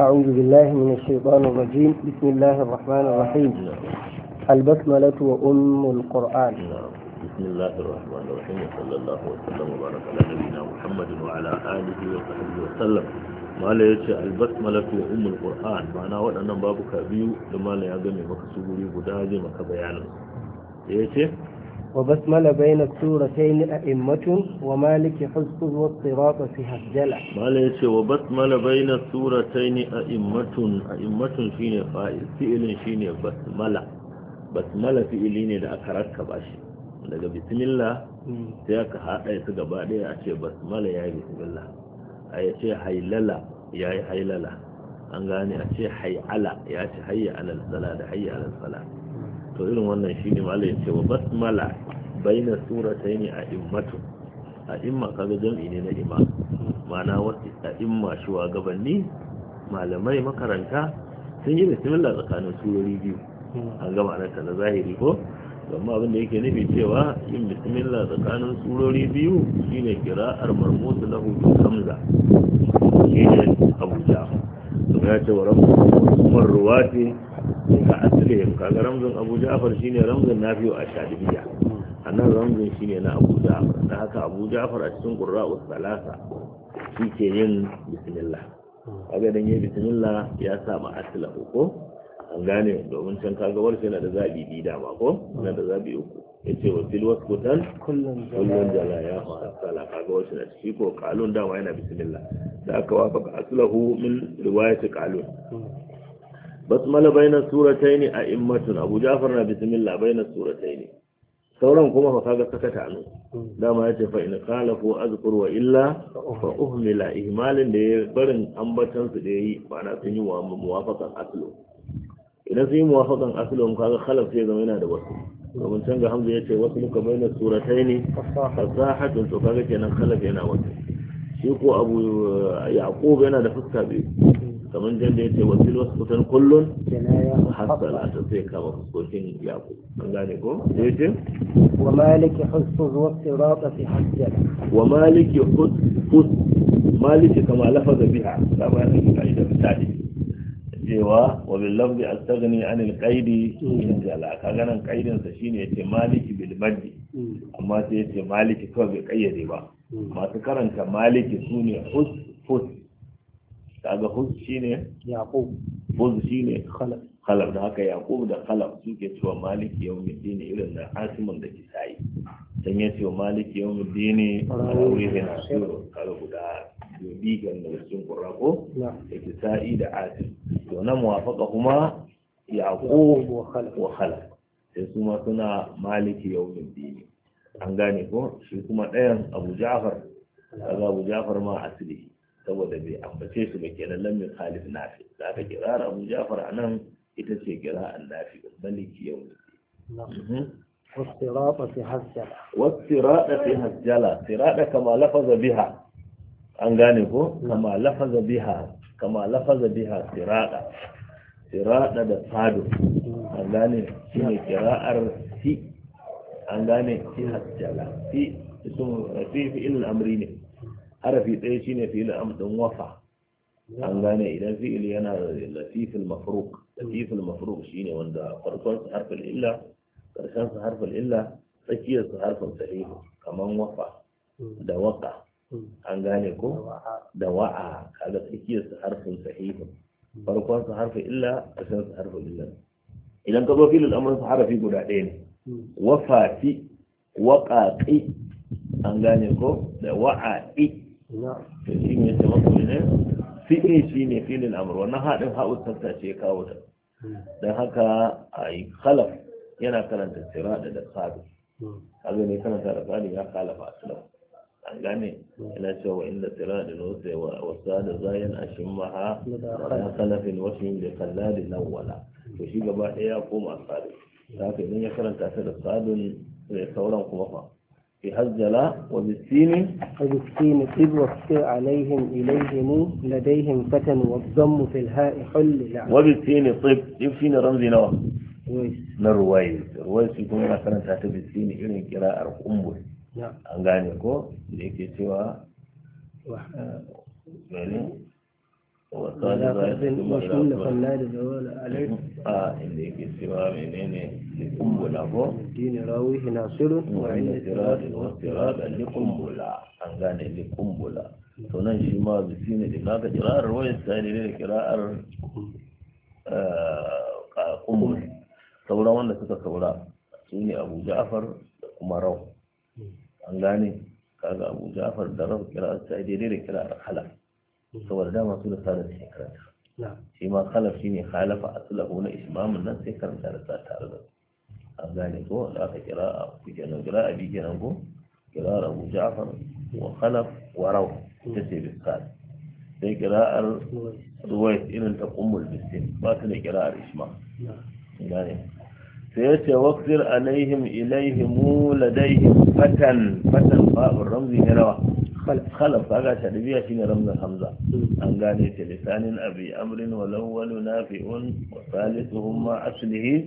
أعوذ بالله من الشيطان الرجيم بسم الله الرحمن الرحيم البسملة وأم القرآن بسم الله الرحمن الرحيم صلى الله وسلم وبارك على نبينا محمد وعلى آله وصحبه وسلم mala ya ce albasmalatu wa umul qur'an ma'ana waɗannan babuka biyu da mala ya game maka su guri guda zai maka bayanin ya ce وبسمل بين السورتين أئمة ومالك حزقه والصراط في هجلة مالك وبسمل بين السورتين أئمة أئمة شين فائل فئل شين بسمل بسمل فئلين دا أكرت كباشي لقى بسم الله سيك حقا سقبا دي أشي بسمل يا بسم الله أي شي حيللا يا حيللا أنغاني أشي حي على يا شي حي على الصلاة حي على الصلاة to irin wannan shi malai ce wa basmala baina ne a immatu a imma kaga jam'i ne na ima. mana wasu a imma shugabanni malamai makaranta sun yi bismillah tsakanin surori biyu hmm. an gama na ta na zahiri ko amma abin da yake nufi cewa yin bismillah tsakanin surori biyu shine kira'ar marmusu na hudu hamza shi ne abuja to ya ce wa rabu sai ka asile kaga ramzan abu ja'far shine na biyu a nan ramzan shi shine na abu ja'far da haka abu ja'far a cikin a salasa shi ke yin bisimillah kaga dan yi bisimillah ya sa asila ko an gane domin can kaga warsa yana da zaɓi biyu dama ko yana da zaɓi uku ya ce wa fil kutan kullum jala ya fara sala kaga wasu na shi ko kalun dama yana bisimillah da aka wafa aslahu min riwayati kalun. Hmm. basmala bainar suratai ne a immatun abu jafar na bismillah bainar suratai ne sauran kuma ba kaga sakata anu dama yace fa in khalafu azkur wa illa fa uhmila ihmalin da ya barin ambatan su da yayi ma'ana sun yi muwafaqan aslu idan sun yi muwafaqan aslu kaga khalaf sai zama yana da wasu domin can ga hamza ya ce wasu muka bayyana suratai ne fasahatun to kaga kenan khalaf yana wasu shi ko abu uh, yaqub yana da fuska biyu kamar jan da ya ce wasu wasu kullun hasala ta sai kama fuskokin yaƙo an gane ko sai ce wa maliki hussu zuwa sirata fi hajjal wa maliki hussu maliki kama lafaza biha kama yana yi ka'idar misali cewa wa bil lafzi astaghni an al qaidi in jala kaga nan qaidin sa shine yace maliki bil maddi hmm. amma sai yace maliki kawai bai kayyade ba hmm. masu karanta maliki sune hus hus kaga huz shine yaqub huz shine khalaf khalaf da haka yaqub da khalaf suke cewa maliki dini irin da Asimun da kisai dan ya ce maliki yawmiddin ne na sura kaga guda biyu bigan da cikin qurrako da kisai da asim to na muwafaqa kuma yaqub wa khalaf sai kuma suna maliki dini. an gane ko shi kuma ɗayan abu ja'far kaga abu ja'far ma asiri saboda bai ambace su ba kenan lam yukhalif nafi za ka kira Abu Ja'far anan ita ce kira an nafi maliki yau ne wasirada fi hajjala sirada kama lafaza biha an gane ko kama lafaza biha kama lafaza biha sirada sirada da fado an gane shi ne kira'ar fi an gane fi hajjala fi isun rafi fi ilin amri ne harafi ɗaya shine fi'il amr din wafa an gane idan fi'il yana latifil mafruq latifil mafruq shine wanda farkon su harfin illa karshen su harfin illa tsakiyar su harfin sahihu kaman wafa da waka an gane ko da wa'a kaga tsakiyar su harfin sahihu farkon su harfin illa karshen su harfin illa idan ka zo filin amur su harafi guda ɗaya ne wafati waƙaƙi an gane ko da wa'aɗi da shi ne tawakkul ne fi'li shi ne filin amr wannan haɗin ha'u tsafta ce kawo ta hmm. don haka a yi khalaf yana karanta tsira da da sabi hmm. kaga ne karanta da sabi ya khalafa aslam an gane yana hmm. cewa wa inda da nusa wa sada zayan ashimmaha da khalafin washin da da kalladin wala. to shi gaba ɗaya ya koma sabi da haka idan ya karanta ta da sabin sauran kuma fa بهزل وبالسين وبالسين إذ عليهم إليهم لديهم فتن والضم في الهاء حل لعب وبالسين طب يفين إيه رمزي نوع na ruwais ruwais مثلا تحت بالسين ta bisini irin نعم kumbul an gane ko وقال بعد مشمول فلاد زوال عليه اه اللي في سوى منين لقنبلة هو دين راويه ناصر وعند التراد والتراد لقنبلة an gane ne kumbula to nan shi ma bisi ne da naka kira'ar wayar tsari ne da kira'ar eh, kumbula sauran wanda suka saura su ne abu ja'afar da kuma rau hmm. an gane kaga abu ja'afar da rau kira'ar tsari ne da kira'ar halal تصور ده ما طول ثالث فكرة نعم فيما خلف فيني خالف أطلقوا لإسمام الناس فكرة ثالث ثالث أبدانيكو لا تجراء في جنو جراء في جنوكو جراء أبو جعفر وخلف وروا جسي بالقال في جراء الرويس إن أنت أم البسين ما كان جراء الإسماء نعم يعني فيتوكر عليهم إليهم لديهم فتن فتن باء الرمز هنا خلف فقط حدبية كين رمض الحمزة أنقاني لسان أبي أمر والأول ولول نافع وثالثهما أصله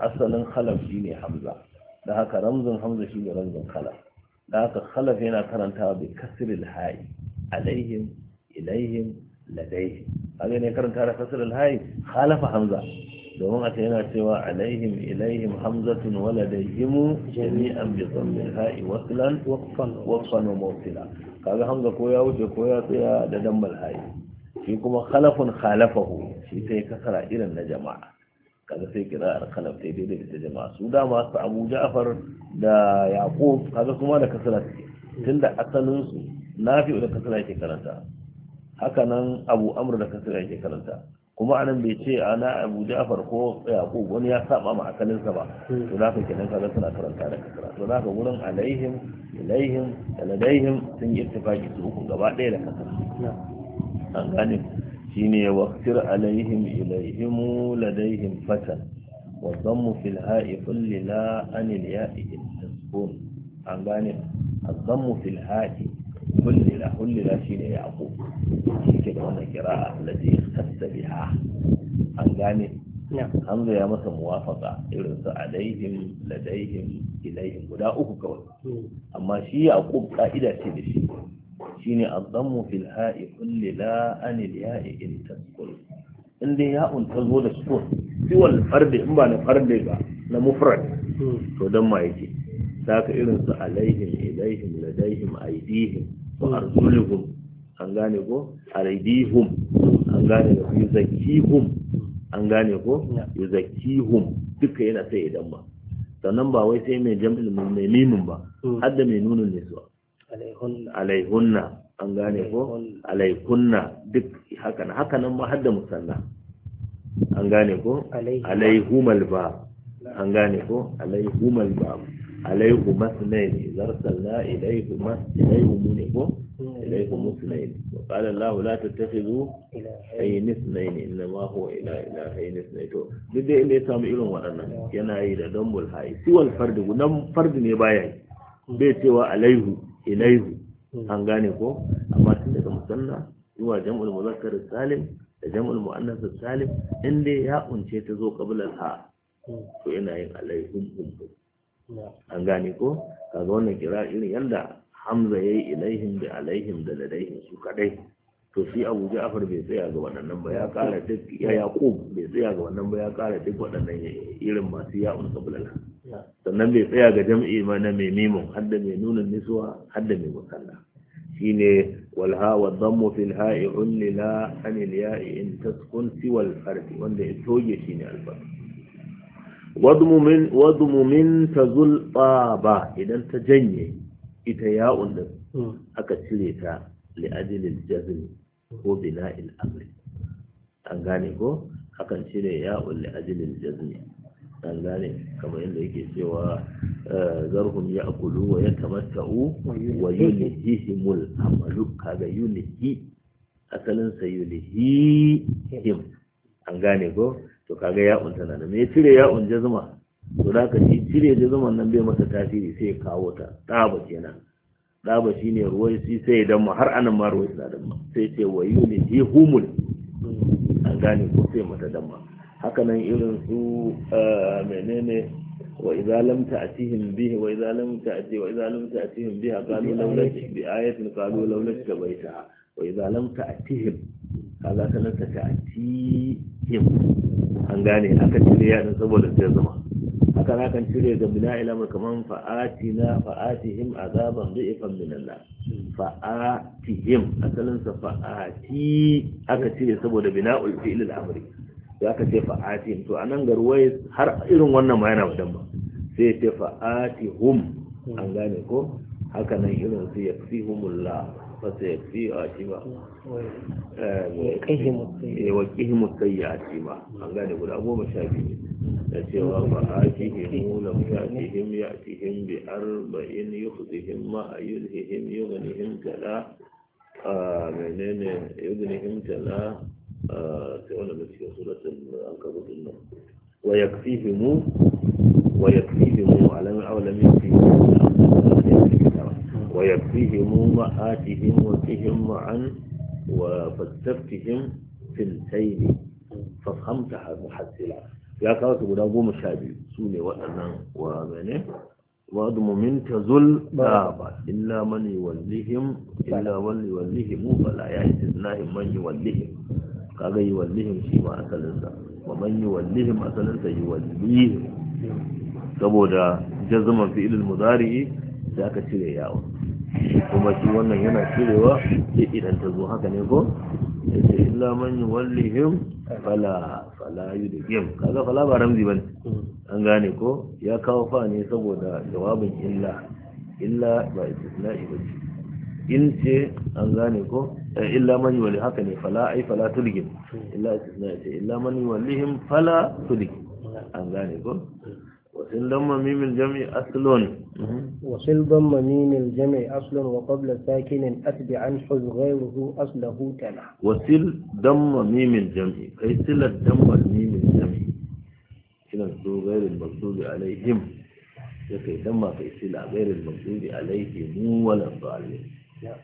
أصل خلف كين حمزة لهك رمض حمزة كين رمض خلف لهك خلف هنا كرنتا بكسر الهاي عليهم إليهم لديهم هذا يعني كرنتا بكسر الهاي خالف حمزة domin aka yana cewa alaihim ilaihim hamzatun waladayhimu an bi dhammil ha'i waslan waqfan waqfan wa mawsila kaga hamza ko ya wuce ko ya tsaya da dammal ha'i shi kuma khalafun khalafahu shi sai kasara irin na jama'a kaga sai kira'ar khalaf sai daidai da jama'a su dama su Abu Ja'far da Yaqub kaga kuma da kasara suke. tunda asalin su fi da kasara yake karanta haka nan Abu amur da kasara yake karanta kuma anan bai ce ana abu ja'far ko yaƙo wani ya saba ma akalinsa ba hmm. to za ka kenan kaga suna karanta da kasara to za ka wurin alaihim ilaihim da ladaihim sun yi ittifaqi su uku gaba ɗaya da kasara an gane ne waktir alaihim ilaihim ladaihim fatan wa mu fil ha'i kulli la anil ya'i tasbun an gane الضم في الهاء كل لا كل لا شيء يعقوب كده وانا قراءة التي ikhtassa biha an gane hamza ya masa muwafaka irin su alaihim ladaihim ilaihim guda uku kawai hmm. amma shi ya yaqub ka'ida ce da shi shine azammu fil ha'i kulli la anil ya'i in tasqul in dai ya'un ta zo da sukun siwal farde in ba na farde ba na mufrad hmm. to dan ma yake saka irin su alaihim ilaihim ladaihim aidihim wa hmm. arzuluhum an gane ko aridihum an gane ko yuzakihum an gane ko yuzakihum duka yana sai idan ba sannan ba wai sai mai jam'il mai nimin ba hmm. har da mai nunun ne zuwa alaihunna an gane ko alaihunna duk haka nan haka nan ma har da musanna an gane ko alaihumal ba an gane ko alaihumal ba alaihu masnaini zarsalna ilaihu ilaihu muni ko ilaihu musnaini wa qala allah la tattakhidhu ayyin isnaini inna ma huwa ila ila ayyin isnaini to duk dai inda ya samu irin waɗannan yana yi da dambul hayi siwal fardi nan fardi ne baya yi bai cewa alaihu ilaihu an gane ko amma tun daga musanna zuwa jam'ul muzakkar salim da jam'ul muannas salim inda ya unce ta zo qabla ha to ina yin alaihum hum an gane ko kaga wannan kira irin yadda hamza ya yi ilaihim da alaihim da ladaihim su kadai to shi abu ja'far bai tsaya ga waɗannan ba ya kara duk ya yaqub bai tsaya ga waɗannan ba ya kara duk waɗannan irin masu un qablala sannan bai tsaya ga jam'i ma na mai mimun hadda mai nuna niswa hadda mai musalla shine wal ha wa dhammu fil ha'i unni la an ya'i in taskun siwal al wanda ya toge shine al wadumumin ta zulɓa ba idan ta janye ita ya'un da hmm. aka cire ta li'ajilin jazmi ko bina'il amri an gane ko akan cire ya'un li'ajilin jazmi an gane kamar yadda yake cewa eh, zarhun ya akulu wa ya tamatta'u wa yunihihimul amalu kaga yunihi asalinsa him an gane ko to kaga ya unta na me cire ya jazuma zuma to da ka shi cire jazuman nan bai masa tasiri sai ya kawo ta daba kenan daba shi ne ruwai shi sai ya damma har anan ma ruwai suna damma sai ce wayu ne ji humul an gane ko sai mata damma haka nan irin su menene wa idza lam ta'tihim bihi wa idza lam ta'ti wa idza lam ta'tihim biha qalu law bi ayatin qalu law labaita wa idza lam ta'tihim kaga salarta ta cikin an gane aka cire yaɗin saboda ta zama haka na kan cire ga bina ilamar kamar fa'atina fa'atihim azaban du'ifan min Allah fa'atihim asalinsa fa'ati aka cire saboda bina ulfi'il amri. Ya ka ce fa'atihim to a nan har irin wannan ma yana wadan ba sai ya ce fa'atihum an gane ko haka nan irin su ya fi humullah ba su yafi a shi ba wa eh, a shi ba an gane guda goma sha biyu da cewa ba a na mula ya kihim ya bi arba'in yi hutihim ma a yi hihim yi tala a menene yi tala a sai wani da cikin suratun an kabutun nan wa yakfihimu wa yakfihimu alamin awalamin ويكفيهم مآتهم وفهم معا وفتفتهم ثلثين ففهمتها محسلا ya kawo guda goma sha biyu su ne waɗannan wa mene wa domin zul ba ba illa mani wallihim illa wani wallihim bala ya yi tiznahin man yi wallihim kaga yi wallihim shi ma asalinsa wa man asalinsa yi saboda jazuman fi'ilin muzari'i za ka cire yawo kuma shi wannan yana cirewa sai idan ta zo haka ne ko sai illa man yuwallihim fala fala yudhim kaga fala ba ramzi bane an gane ko ya kawo fa ne saboda jawabin illa illa ba istisna'i ba in ce an gane ko eh, illa man yuwalli haka ne fala ai fala tulgim illa istisna'i ce illa man yuwallihim fala tulgim an gane ko وصل ضم ميم الجمع أصل وصل ضم ميم الجمع أصل وقبل ساكن أتبعا حذ غيره أصله تلا وصل ضم ميم الجمع أي صلة ضم الميم الجمع كلا غير المقصود عليهم يكي ضم في صلة غير المقصود عليهم ولا الضالين نعم.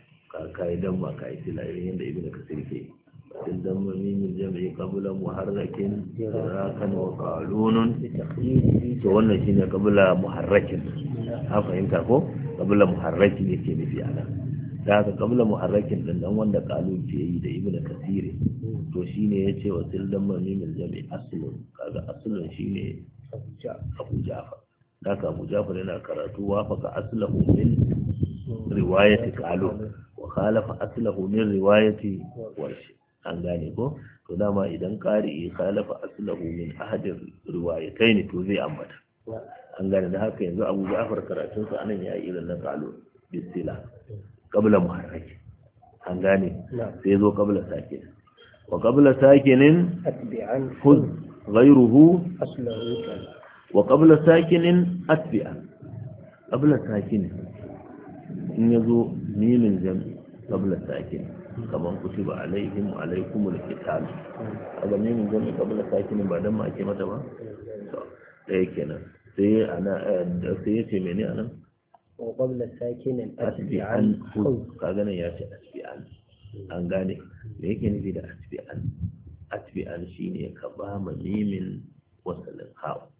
كاي ضم كاي صلة إليهم ابن كثير فيه بالضم من الجمع قبل محرك حراكا وقالون وانا شيني قبل محرك هفهمت اكو قبل محرك يكي نفي على ذاك قبل محرك لان وانا قالون في ايد ابن كثير to shine yace wa tildan mamimil jami aslun kaga aslun shine Abu Ja'far haka Abu Ja'far yana karatu wafaka aslahu min riwayati Qalun wa khalafa aslahu min riwayati Warshi an gane ko to dama idan ƙari khalafa aslahu min ahadin riwayatai ne to zai ambata an gane da haka yanzu abu ja'far karatun sa anan ya irin na qalu bisila qabla muharrak an gane sai zo qabla sakin wa qabla sakinin atbi'an khudh ghayruhu aslahu wa qabla sakinin atbi'an qabla sakinin in yazo mimin jam'i qabla sakinin kaman kutiba alaihim alaikumul a ga ne mun gani kabla sakinin ba dan ma ake mata ba to eh kenan sai ana eh, sai yace mene anan wa qabla sakinin asbi'an kaga nan yace asbi'an an gane me yake nufi da asbi'an asbi'an shine ka ba ma mimin wasalin hawo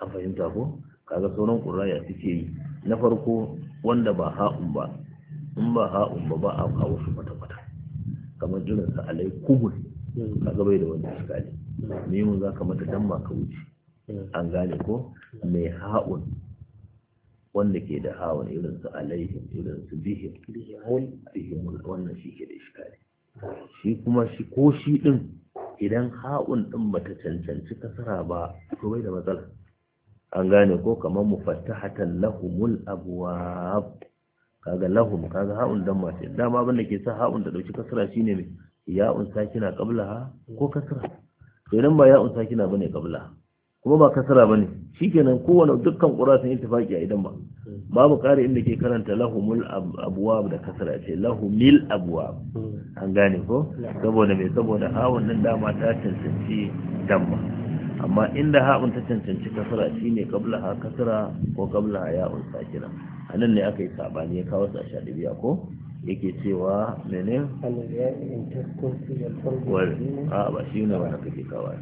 an fahimta ko kaga sauran ya suke yi na farko wanda ba ha'un ba in ba ha'un ba ba a kawo su kwata-kwata kamar irin sa alai kubur ka gabai da wanda suka ne mun za ka mata dan ka wuce an gane ko mai ha'un wanda ke da ha'un irin su alai irin su bihim bihim wannan shi ke da iskali shi kuma shi ko shi din idan ha'un din bata cancanci kasara ba to bai da matsala an gane ko kamar mufattahatan lahumul abwab kaga lahum kaga ha'un dan mace dama abin da ke sa ha'un da dauki kasra shine me ya'un sakina qablaha ko kasra to idan ba ya'un sakina bane qabla kuma ba kasra bane shikenan kowane dukkan qura sun ittifaqi a idan ba babu kare inda ke karanta lahumul abwab da kasra ce lahumil abwab hmm. an gane ko saboda me saboda ha'un nan dama ta cancanci damma amma inda ha'un ta cancanci kasara shine qabla ha kasara ko qabla ha ya'un a nan ne aka yi sabani ya kawo sa shadibiya ko yake cewa mene a ba shi ne ba haka ke kawo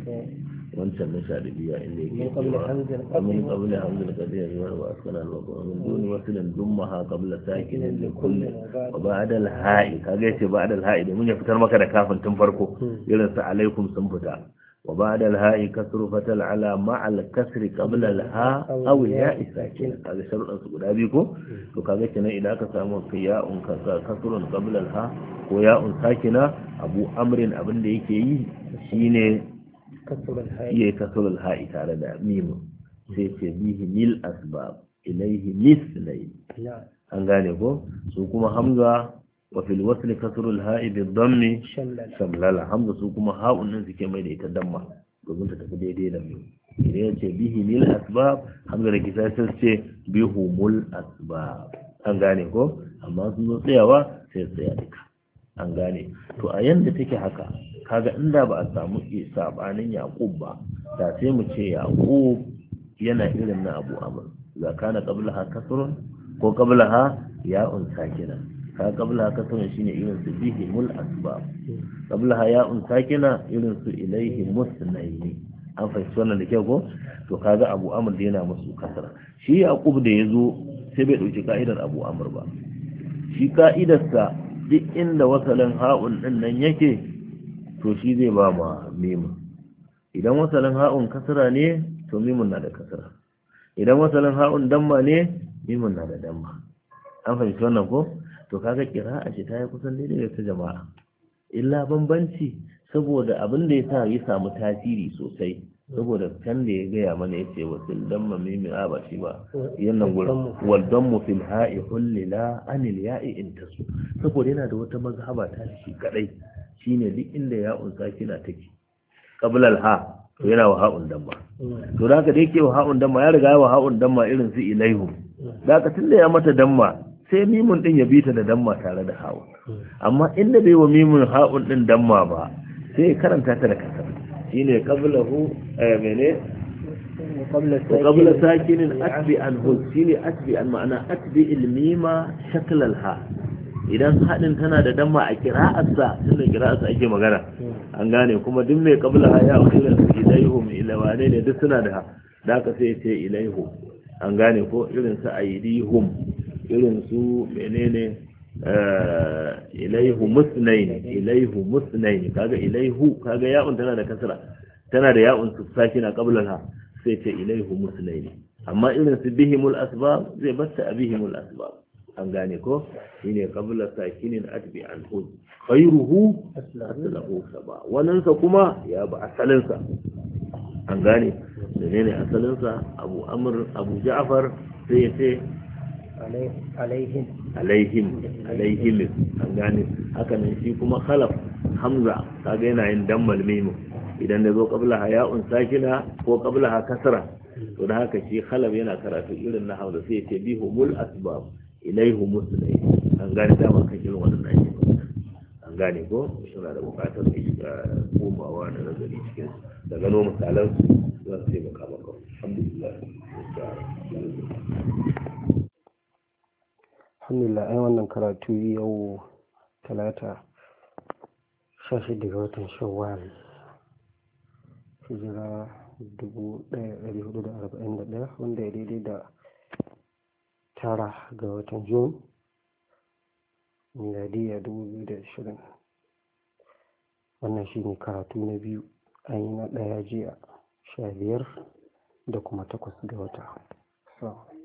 wancan na shadibiya inda yake cewa min qabla hamdul qadir wa wa asqala al wa min duni wasilan dumma ha qabla sakinin li da kulle ba al ha'i kaga yace ba'da al ha'i domin ya fitar maka da kafin tun farko hmm. irin sa alaikum sun fita وبعد الهاء كسر فتل على مع الكسر قبل الهاء أو الياء الساكنة هذا شرط أسقط أبيكو وكذا كنا إذا كسام قياء كسر قبل الهاء وياء ساكنة أبو أمر أبن ديكي شيني كسر الهاء تعالى ميم سيكي به للأسباب إليه مثلين an gane ko su kuma hamza وفي الوصل كسر الهاء بالضم شملل حمزة سوكما هاء الناس كما يتدمى domin ta tafi daidai da mu idan ya ce bihi lil asbab hamza da kisa sai ce bihumul asbab an gane ko amma sun zo tsayawa sai tsaya duka an gane to a yanda take haka kaga inda ba a samu sabanin yaqub ba da sai mu ce yaqub yana irin na abu amr zakana qablaha kasrun ko qablaha ya'un sakina ka qabla ka sama shine irin su bihi mul asbab qabla ya un kina irin su ilaihi musnaini an fahimci wannan da kyau ko to kaga abu amr da yana musu kasara shi yaqub da yazo sai bai dauki ka'idar abu amr ba shi sa duk inda wasalin ha'un din nan yake to shi zai ba ma mimu idan wasalin ha'un kasara ne to mimun na da kasara idan wasalin ha'un damma ne mimun na da damma an fahimci wannan ko to kaga kira'a ce ta yi kusan daidai da ta jama'a illa bambanci saboda abin da ya sa ya samu tasiri sosai saboda can da ya gaya mana ya ce wasu dan mamimi a ba shi ba yana gurin waddan mu ha'i hullila anil ya'i in tasu saboda yana da wata mazhaba ta shi kadai shine duk inda ya unsa kina take qabla ha to yana wa ha'un damma to da haka da yake wa ha'un damma ya riga ya wa ha'un damma irin su ilaihu da haka da ya mata damma sai mimun din ya bi ta da damma tare da hawa amma inda bai wa mimun ha'un din damma ba sai ya karanta ta da kasa shine qablahu eh, mene qabla sakinin atbi al hu shine atbi al ma'ana atbi shakl shaklal ha idan haɗin tana da damma a kira'arsa tunda kira'arsa ake magana an gane kuma duk mai qabla haya wa ilan hu, mai wane ne duk suna da ha, da ka sai ce ilaihu an gane ko irin sa aidihum irin su menene eh, ilaihu musnain ilaihu musnain kaga ilaihu kaga ya'un tana da kasra tana da ya'un su sakina ha sai ce ilaihu musnain amma irin su bihimul asbab zai batta bihimul asbab an gane ko shine qabla sakinin atbi an hud khairuhu aslahu saba wannan sa kuma ya ba asalin sa an gane menene asalin sa abu amr abu ja'far sai ya ce alaihim alaihim an gane haka nan shi kuma khalaf hamza kaga yana yin dammal mimu idan da zo qabla haya'un sakina ko qabla ha kasra to da haka shi khalaf yana karatu irin na hamza sai ya ce bihumul asbab ilaihum musnay an gane dama kan irin wannan ayi an gane ko suna da bukatar komawa da nazari cikin daga no misalan su zan sai maka ba Alhamdulillah ai wannan karatu yau talata shashi daga ga watan Shawwal hijira dubu ɗaya ɗari hudu da arba'in da ɗaya wanda ya daidai da tara ga watan Jun miladiya dubu biyu da ashirin wannan shi ne karatu na biyu an yi na ɗaya jiya sha biyar da kuma takwas ga wata. So.